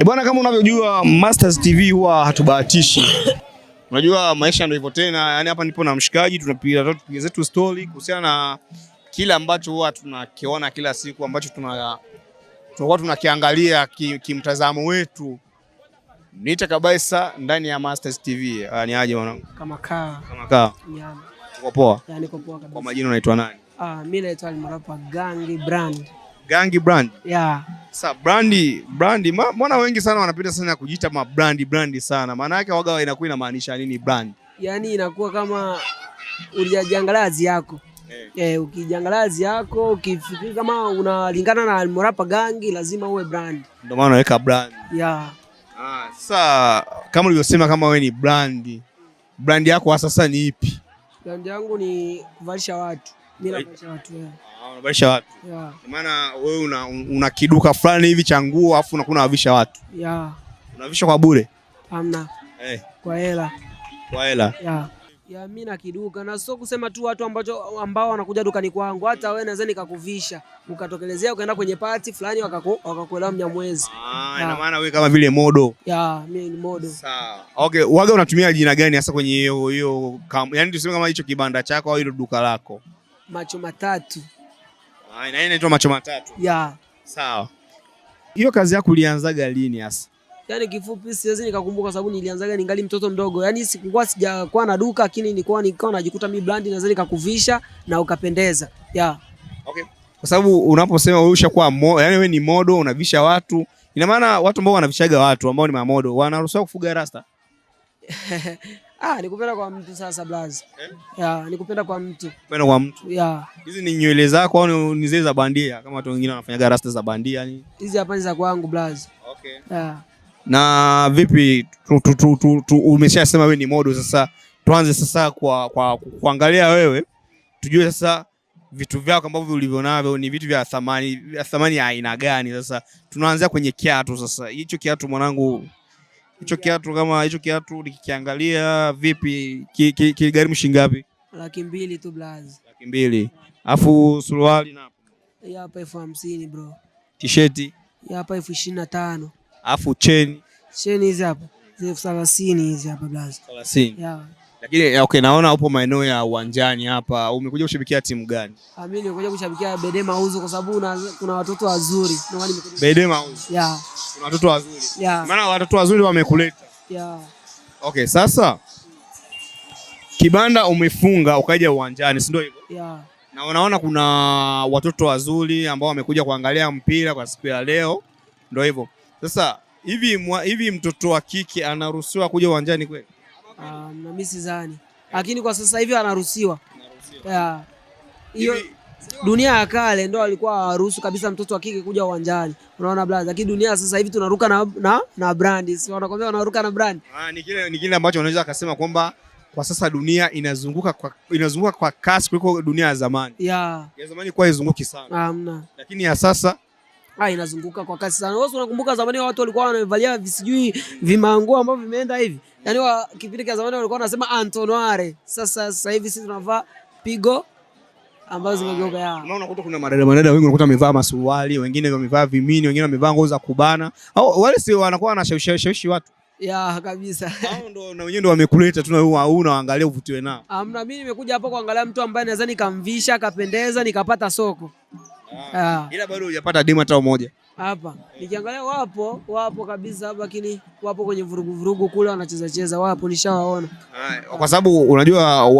E bwana, kama unavyojua Masters TV huwa hatubahatishi. Unajua maisha ndio hivyo tena, yani hapa nipo na mshikaji, tunapiga tupiga zetu story kuhusiana na kile ambacho huwa tunakiona kila siku ambacho tuna tunakuwa tunakiangalia kimtazamo ki wetu. Niite kabisa ndani ya Masters TV. Ah, ni aje mwanangu? Kama kaa. Kama kaa. Yeah. Uko poa? Yeah, niko poa kabisa. Kwa majina unaitwa nani? Ah, mimi naitwa Almarafa Gangi Brand. Gangi Brand? Yeah. Sa brandi brandi, mbona wengi sana wanapenda sana kujiita ma brandi sana, maana yake waga inakuwa inamaanisha nini brand? Yaani inakuwa kama ulijangalazi yako eh, eh ukijangalazi yako ukifikiri kama unalingana na almorapa gangi, lazima uwe brand, ndio maana unaweka brand yeah. Ah, sasa kama ulivyosema, kama we ni brandi, brandi yako hasa sasa ni ipi? Brandi yangu ni kuvalisha watu bila kuacha watu wao. Ah, unabaisha watu. Yeah. Maana wewe una, una kiduka fulani hivi cha nguo afu unakuwa unawavisha watu. Yeah. Unavisha kwa bure? Hamna. Eh. Kwa hela. Kwa hela. Yeah. Ya mimi na kiduka na sio kusema tu watu ambacho ambao wanakuja dukani kwangu, hata wewe naweza nikakuvisha ukatokelezea ukaenda kwenye party fulani wakakuelewa mnyamwezi. Ah, ina maana wewe kama vile modo. Ya mimi ni modo. Sawa. Okay, waga unatumia jina gani hasa kwenye hiyo hiyo, yaani tuseme kama hicho kibanda chako au hilo duka lako? macho matatu. Ah, inaitwa macho matatu. Yeah. Sawa. Hiyo kazi yako ulianzaga lini hasa? Yaani kifupi siwezi nikakumbuka sababu nilianzaga ningali mtoto mdogo. Yaani sikuwa sijakuwa na duka lakini nilikuwa nikawa najikuta mi brand naweza nikakuvisha na ukapendeza. Yeah. Okay. Kwa sababu unaposema wewe ushakuwa yani wewe ni modo unavisha watu, ina maana watu ambao wanavishaga watu ambao ni mamodo wanaruhusiwa kufuga rasta? Ah, nikupenda kwa mtu sasa blaza. Eh? Ya, nikupenda kwa mtu. Kupenda kwa mtu. Ya. Hizi ni nywele zako au ni zile za bandia kama watu wengine wanafanyaga rasta za bandia ni? Hizi hapa ni za kwangu blaza. Okay. Ya. Na vipi tu, tu, tu, tu, tu, umeshasema wewe ni modo sasa tuanze sasa kwa, kwa kuangalia wewe tujue sasa vitu vyako ambavyo ulivyo navyo ni vitu vya thamani, vya thamani ya aina gani? Sasa tunaanzia kwenye kiatu. Sasa hicho kiatu mwanangu hicho kiatu kama hicho kiatu nikikiangalia vipi, ki, ki, shingapi? Laki mbili tu blazi. Laki mbili. Alafu suruali na hapo. Ya hapa elfu hamsini bro. Tisheti. Ya hapa elfu ishirini na tano. Alafu cheni. Cheni hizi hapa. Elfu thelathini hizi hapa blazi. Thelathini. Yeah. Lakini eh, okay, naona upo maeneo ya uwanjani hapa. Umekuja kushabikia timu gani? Ah, mimi nimekuja kushabikia Bedema Uzu kwa sababu kuna watoto wazuri. Bedema Uzu. Yeah watoto wazuri yeah. Maana watoto wazuri wamekuleta yeah. Okay, sasa kibanda umefunga ukaja uwanjani, si ndio hivyo? yeah. Na unaona kuna watoto wazuri ambao wamekuja kuangalia mpira kwa siku ya leo, ndio hivyo sasa hivi. Mwa, hivi mtoto wa kike anaruhusiwa kuja uwanjani kweli? Um, mimi sidhani, lakini kwa sasa hivi anaruhusiwa. Anaruhusiwa. Yeah. Hiyo dunia ya kale ndo walikuwa hawaruhusu kabisa mtoto wa kike kuja uwanjani, unaona brother. Lakini dunia sasa hivi tunaruka na na, na brand, si wanakwambia wanaruka na brand. Ah, ni kile ni kile ambacho unaweza kusema kwamba kwa sasa dunia inazunguka kwa, inazunguka kwa kasi kuliko dunia ya zamani. Yeah. Ya zamani kwa izunguki sana. Hamna. Lakini ya sasa ah, inazunguka kwa kasi sana. Wewe unakumbuka zamani watu walikuwa wanavalia visijui vimanguo ambavyo vimeenda hivi. Yaani kipindi cha zamani walikuwa wanasema Antonoare. Sasa sasa hivi sisi tunavaa pigo ambazo zimegeuka yao. Unaona unakuta kuna madada madada wengi unakuta wamevaa masuruali, wengine wamevaa vimini, wengine wamevaa nguo za kubana. Au wale sio wanakuwa wanashawishi watu. Ya kabisa. Hao ndo na wenyewe ndo wamekuleta tu na unaangalia uvutiwe nao. Amna, ah, mimi nimekuja hapa kuangalia mtu ambaye naweza nikamvisha, akapendeza, nikapata soko. Ah. ah. Ila bado hujapata demo hata moja hapa nikiangalia, wapo wapo kabisa hapa, lakini wapo kwenye vurugu vurugu kule, wanacheza cheza, wapo nishawaona, kwa sababu unajua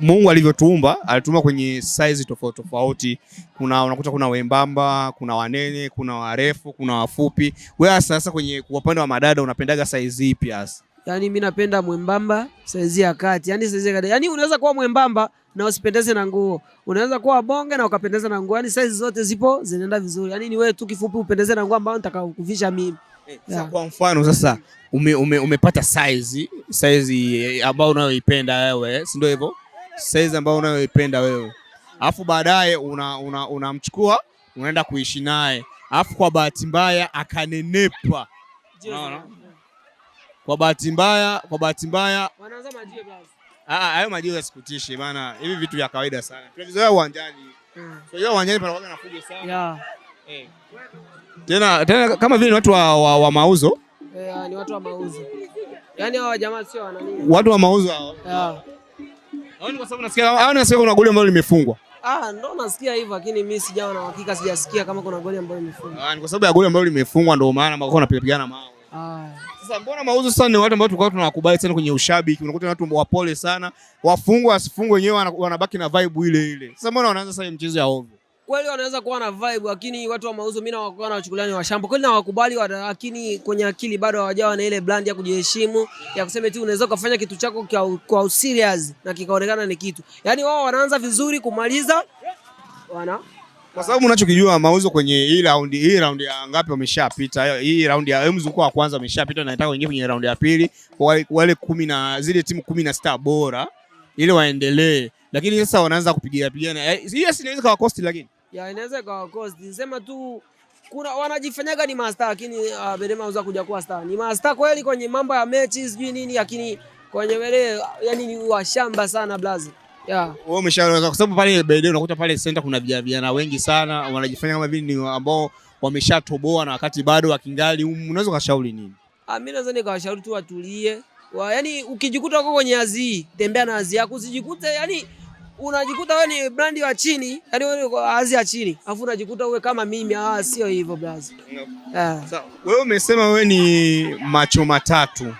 Mungu alivyotuumba alituumba kwenye size tofauti tofauti. Kuna unakuta kuna wembamba, kuna wanene, kuna warefu, kuna wafupi. Wewe sasa kwenye upande wa madada unapendaga size ipi hasa? yani mimi napenda mwembamba saizi ya kati, yani saizi ya kati. Yani unaweza kuwa mwembamba na usipendeze na nguo, unaweza kuwa bonge na ukapendeza na nguo, yani saizi zote zipo zinaenda vizuri. Yani ni wewe tu kifupi upendeze na nguo ambayo nitakakuvisha mimi. Eh, yeah. Kwa mfano sasa ume, ume, umepata size size ambayo unayoipenda wewe, si ndio hivyo? Size ambayo unayoipenda wewe alafu baadaye unamchukua una, una unaenda kuishi naye alafu kwa bahati mbaya akanenepa, unaona kwa bahati mbaya, kwa bahati mbaya wanaanza ah, ah, hayo majiwe yasikutishi, maana hivi vitu vya kawaida sana tunavizoea uwanjani. Unajua hmm. uwanjani panakuwa na fujo sana eh. tena tena, kama vile watu wa, wa, wa mauzo yeah, ni watu wa mauzo yani hao jamaa sio wana watu wa mauzo hao yeah. Kwa sababu nasikia hao ni nasikia kuna goli ambalo limefungwa. Ah, ndo nasikia hivyo lakini mimi sijaona uhakika, sijasikia kama kuna goli ambalo limefungwa. Ah, ni kwa sababu ya goli ambalo limefungwa ndio maana wanapiga pigana mao sasa mbona mauzo sasa ni watu ambao tulikuwa tunawakubali sana kwenye ushabiki, unakuta watu wapole sana, wafungwa asifungwe wenyewe wanabaki na vibe ile ile. Sasa mbona wanaanza sasa mchezo ya ovyo? Kweli wanaweza kuwa na vibe lakini watu wa mauzo mimi nawakuwa na wachukuliani wa shamba. Kweli nawakubali lakini kwenye akili bado hawajawa na ile brand ya kujiheshimu ya kusema tu unaweza kufanya kitu chako kwa serious na kikaonekana ni kitu. Yaani wao wanaanza vizuri kumaliza wana kwa sababu unachokijua mauzo kwenye hii round hii round ya ngapi wameshapita. Hii round ya mzunguko wa kwanza wameshapita, na nataka wengine kwenye round ya pili, wale, wale kumi na zile timu kumi na sita bora ili waendelee, lakini sasa wanaanza kupigia pigana. Eh, hiyo si inaweza kawa cost, lakini ya inaweza kawa cost. Nisema tu kuna wanajifanyaga ni master, lakini uh, ah, Berema uza kuja kuwa star ni master kweli kwenye mambo ya mechi sijui nini, lakini kwenye wale yani ni washamba sana blazi Yeah. Wewe umeshaweza kwa sababu pale Beidei unakuta pale center kuna vijana wengi sana wanajifanya kama vile ni ambao wameshatoboa na wakati bado wakingali. Um, unaweza kashauri nini? Ah, mimi naweza nikawashauri tu watulie. Wa, yani ukijikuta uko kwenye azii, tembea na azii yako usijikute yani unajikuta wewe ni brandi wa chini, yani wewe ni azi ya chini. Alafu unajikuta uwe kama mimi, ah sio hivyo brazi. No. Ah. Sawa. So, wewe umesema wewe ni macho matatu.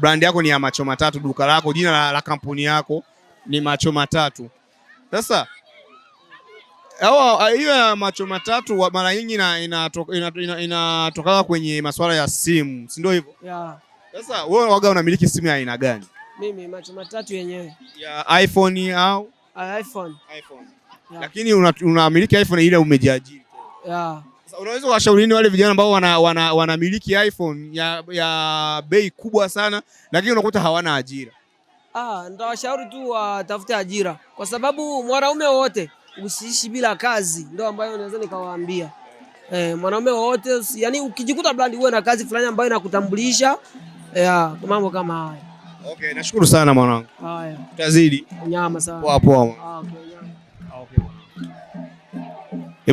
Brandi yako ni ya macho matatu, duka lako, jina la, la kampuni yako ni macho matatu. Sasa hiyo ya macho matatu mara nyingi inatokana ina, ina, ina kwenye masuala ya simu, si ndio hivyo? Sasa Wewe waga unamiliki simu ya aina gani? Mimi macho matatu yenyewe. Ya iPhone au iPhone. iPhone. Yeah. Lakini unamiliki una iPhone ile umejiajiri. Yeah. Sasa unaweza kuwashauri nini wale vijana ambao wanamiliki wana, wana iPhone ya, ya bei kubwa sana lakini unakuta hawana ajira? Ah, ndawashauri tu watafute ajira kwa sababu mwanaume wowote usiishi bila kazi, ndo ambayo naweza nikawaambia. Eh, mwanaume wowote yani ukijikuta brand uwe na kazi fulani ambayo inakutambulisha yeah, mambo kama haya. Okay, nashukuru sana mwanangu. Haya. Tutazidi. Nyama sana. Poa poa. Ah, ah, okay.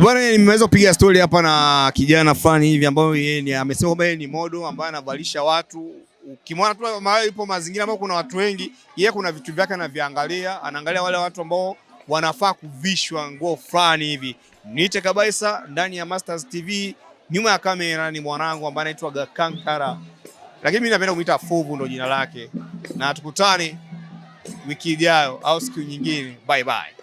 Bwana, eh, nimeweza kupiga stori hapa na kijana fulani hivi ambaye yeye amesema kwamba yeye ni modo ambaye anavalisha watu ukimwona tu mahali yupo mazingira ambayo kuna watu wengi, yeye kuna vitu vyake anaviangalia, anaangalia wale watu ambao wanafaa kuvishwa nguo fulani hivi. Niite kabisa ndani ya Masters TV, nyuma ya kamera ni mwanangu ambaye anaitwa Gakankara, lakini mimi napenda kumuita Fuvu, ndo jina lake, na tukutane wiki ijayo au siku nyingine. Bye bye.